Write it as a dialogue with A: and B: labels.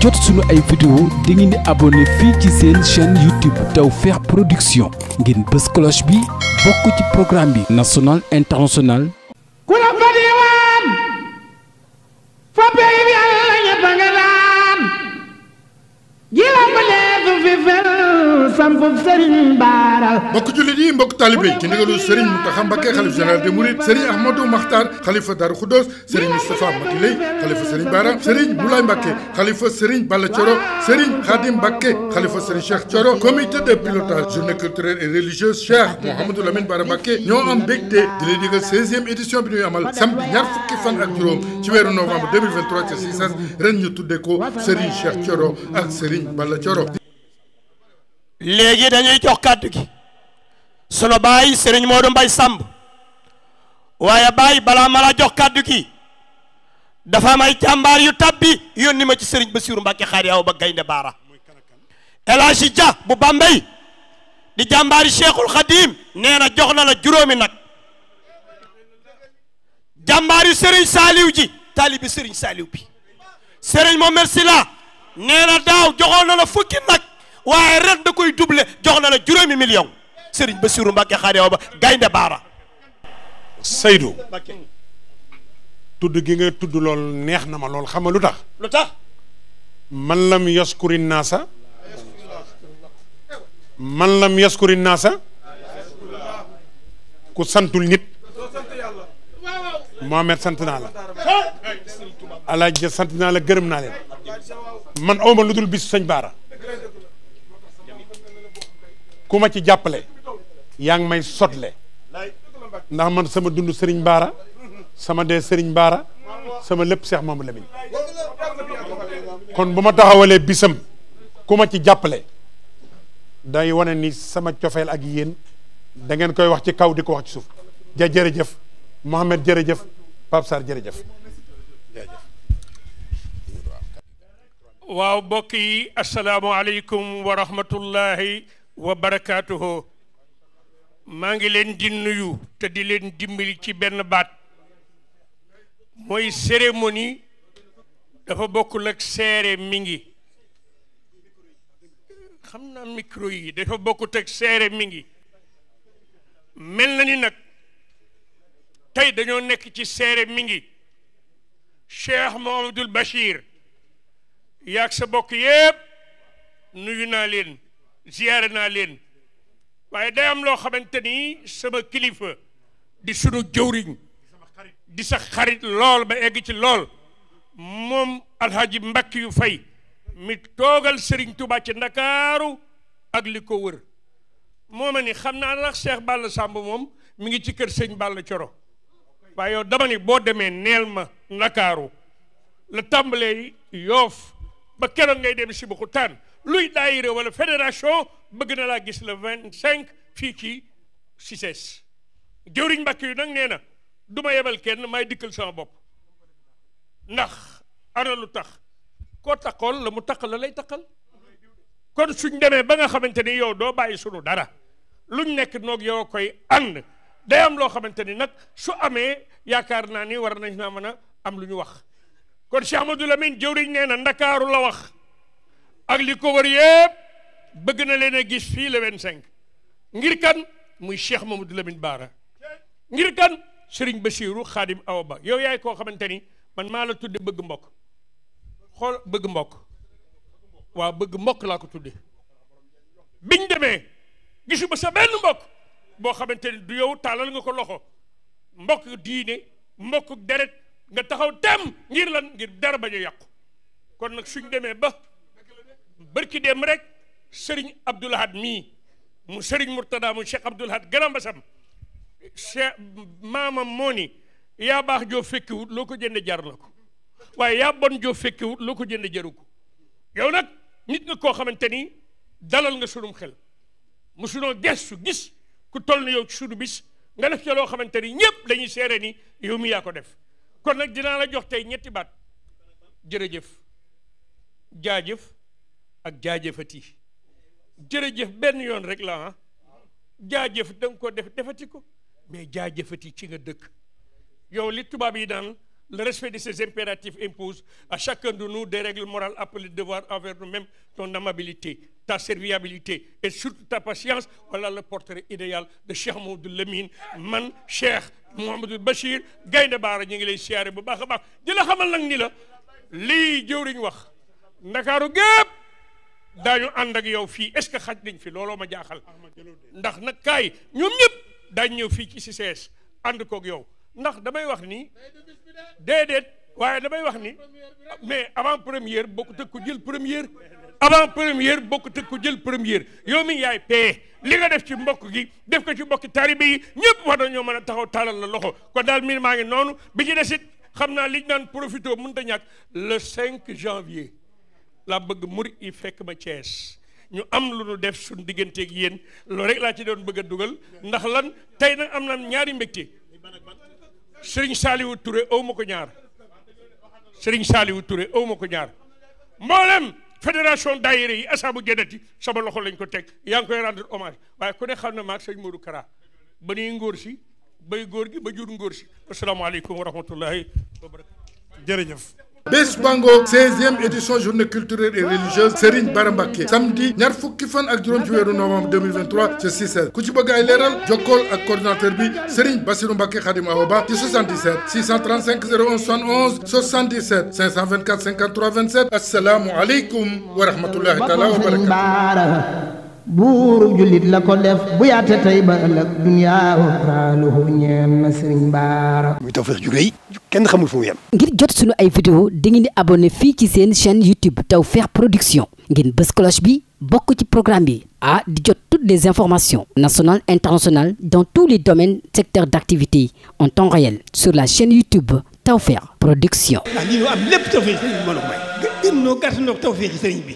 A: jot suñu ay vidéo da ngeen di abonné fii ci seen chaîne YouTube Tawfekh Production ngeen bës cloche bi bokk ci programme bi national international ku la fa diwaan fa pey bi Yàlla ñëpp a nga daan ji la fa fi fel sampu sëriñ baaral taalibe yi ci ndigalu sëriñ Mountakha Mbacké xalif général des mourides sëriñ Ahmadou Makhtar xalifa Darou Khoudoss sëriñ Moustapha Matiley xalifa sëriñ Bara sëriñ Moulay Mbacké xalifa sëriñ Balla Thioro sëriñ Khadim Mbacké xalifa sëriñ Cheikh Thioro comité de pilotage journée culturelle et religieuse Cheikh Mouhamadou Lamine Bara Mbacké ñoo am mbégte di leen digal seizième bi ñuy amal samedi ñaar fukki fan ak juróom ci weeru novembre 2023 ci Cissas ren ñu ko sëriñ Cheikh Thioro ak sëriñ Balla Thioro
B: sunu baay Serigne Modou Mbaye Samb waaye baay balaa ma jox kàddu ki dafa am ay jàmbaar yu tabbi yónni ma ci Serigne Bassirou Mbacké Khady Awa ba gaynde baara El Hadji Dia bu Bambey di jàmbaari Cheikhul Khadim nee na jox na la juróomi nag jàmbaari Serigne Saliou ji taalibi Serigne Saliou bi sëriñ Momer Sylla nee na daaw joxoon na la fukki nag waaye ren da koy doublé jox na la juróomi million Serigne Bassirou Mbacké xaar ba gaynde baara Seydou
A: tudd gi nga tudd lool neex na ma lool xam nga lu tax lu tax man lam yaskuri naasa man lam yaskuri naasa ku santul nit Mohamed sant naa la Alaaji sant naa la gërëm naa
B: leen
A: man awma lu dul bisu sëñ Baara ku ci jàppale yaa ngi may sotle ndax man sama dund Serigne Baara sama dee Serigne Baara sama lépp Cheikh Mamadou Lamine kon bu ma taxawalee bisam ku ma ci jàppale day wane ni sama cofeel ak yéen da koy wax ci kaw di ko wax ci suuf ja jërëjëf Mohamed jërëjëf Pape Sarr jërëjëf
B: waaw mbokk yi asalaamaaleykum wa rahmatullahi wa barakaatuhu maa ngi leen di nuyu te di leen dimbali ci benn baat mooy cérémonie dafa bokk ak seere mi ngi xam naa micro yi dafa bokk ak seere mi ngi mel na ni nag tey dañoo nekk ci seere mi ngi Cheikh Mouhamadoul Bachir yaag sa bokk yépp nuyu naa leen ziyaare naa leen waaye day am loo xamante ni sama kilifa di sunu jëwriñ di sa xarit lool ba egg ci lool moom alxaaji mbakk yu fay mi toogal sëriñ Tuubaa ci ndakaaru ak li ko wër moo ni xam naa ndax Cheikh Balla Samb moom mi ngi ci kër sëñ Balla Coro waaye yow dama boo demee neel ma ndakaaru la tàmbalee yoof ba keroog ngay dem si bu xutaan luy daayira wala fédération bëgg na laa gis le vingt cinq fii ci CICES jëwriñ mbàkk yu nag nee na du ma yebal kenn may dikkal sama bopp ndax ana lu tax ko takkool la mu taq la lay takkal kon suñ demee ba nga xamante ni yow doo bàyyi sunu dara luñ nekk noog yow koy ànd day am loo xamante ni nag su amee yaakaar naa ni war nañ naa mën a am lu ñu wax kon Cheikh Amadou Lamine jëwriñ nee na ndakaaru la wax ak li ko wër yëpp bëgg na leen a gis fii le 25 ngir kan muy Cheikh Mamadou Lamine Baara ngir kan Serigne Bassirou Khadim Awa Ba yow yaay koo xamante ni man maa la tudde bëgg mbokk xool bëgg mbokk waaw bëgg mbokk laa ko tudde biñ demee gisuma sa benn mbokk boo xamante ni du yow taalal nga ko loxo mbokk diine mbokk deret nga taxaw tem ngir lan ngir dara a yàqu kon nag suñ demee ba ki dem rek sëriñ Abdoul Ahad mii mu sëriñ Mourtada mu Cheikh Abdoul Ahad gën a mbasam maamam moo ni yaa baax joo fekkiwut loo ko jënd jar na ko waaye yaa bon joo fekkiwut loo ko jënd jaru ko yow nag nit nga koo xamante ni dalal nga sunum xel mu sunoo gestu gis ku toll na yow ci sunu bis nga nekk ca loo xamante ni ñëpp lañuy seere ni yow mi yaa ko def kon nag dinaa la jox tey ñetti baat jërëjëf jaajëf ak jaajëfati jërëjëf benn yoon rek la ah. jaajëf da nga ko def defati ko mais jaajëfati ci nga dëkk yow li tubaab yi daan le respect de ces impératifs impose à chacun de nous des règles morales appelées devoir envers nous-mêmes ton amabilité ta serviabilité et surtout ta patience wala le portrait idéal de Cheikh Mouhamadou Lamine man Cheikh Mouhamadou Bachir Gaynde Baara ñu ngi lay siyaare bu baax a baax di xamal nag ni la li jëw jëwriñ wax ndakaaru gépp daañu ànd ak yow fii est-ce que xaj nañ fi looloo ma jaaxal ndax nag kaay ñoom ñëpp daañu ñëw fii ci CCS ànd koog yow ndax damay wax ni déedéet waaye damay wax ni mais avant première bokk tëg ko jël première avant première bokk tëg ko jël première yow mi yaay paye li nga def ci mbokk gi def ko ci mbokki taalibe yi ñëpp war nañoo mën a taxaw taalal la loxo kon daal mi maa ngi noonu bi ci desit xam naa liñ naan profité mënut a ñàkk le 5 janvier laa bëgg mur yi fekk ma Cees ñu am lu nu def suñ digganteeg yéen lool rek laa ci doon bëgg a dugal ndax lan tey nag am na ñaari mbégte sëriñ Saliou ture aw ma ko ñaar sëriñ Saliou ture aw ma ko ñaar mboolem fédération daayira i asaabu jëndati sama loxo lañ ko teg yaa ngi koy rendre hommage waaye ku ne xam na maag sëñ Modou Kara ba nuy ngóor si bay góor gi ba jur ngóor si asalaamaaleykum wa rahmatullahi wa jërëjëf bés bango
A: 16e édition journée culturelle et religieuse Serigne Bara Mbacké samedi ñaar fukki fan ak juróom ci weeru novembre 2023 ci 6 ku ci bëgg ay leeral jokkool ak coordinateur bi Serigne Bassirou Mbacké Khadim Awa Ba ci 77 635 01 71 77 524 53 27 asalaamualeykum wa rahmatullahi taala wa barakatu buurub jullit la ko def bu yaate ba ëllëg dunyaa raaluhu ñeen na sëriñ baara muy Tawfekh ju rëy kenn xamul fu mu ngir jot suñu ay vidéo di ngeen di abonné fii ci seen chaîne YouTube Tawfekh Production ngeen bës cloche bi bokk ci programme bi ah di jot toutes des informations national internationales dans tous les domaines secteurs d'activité en temps réel sur la chaîne
B: YouTube Tawfekh Production. Ah, a may. gën
A: noo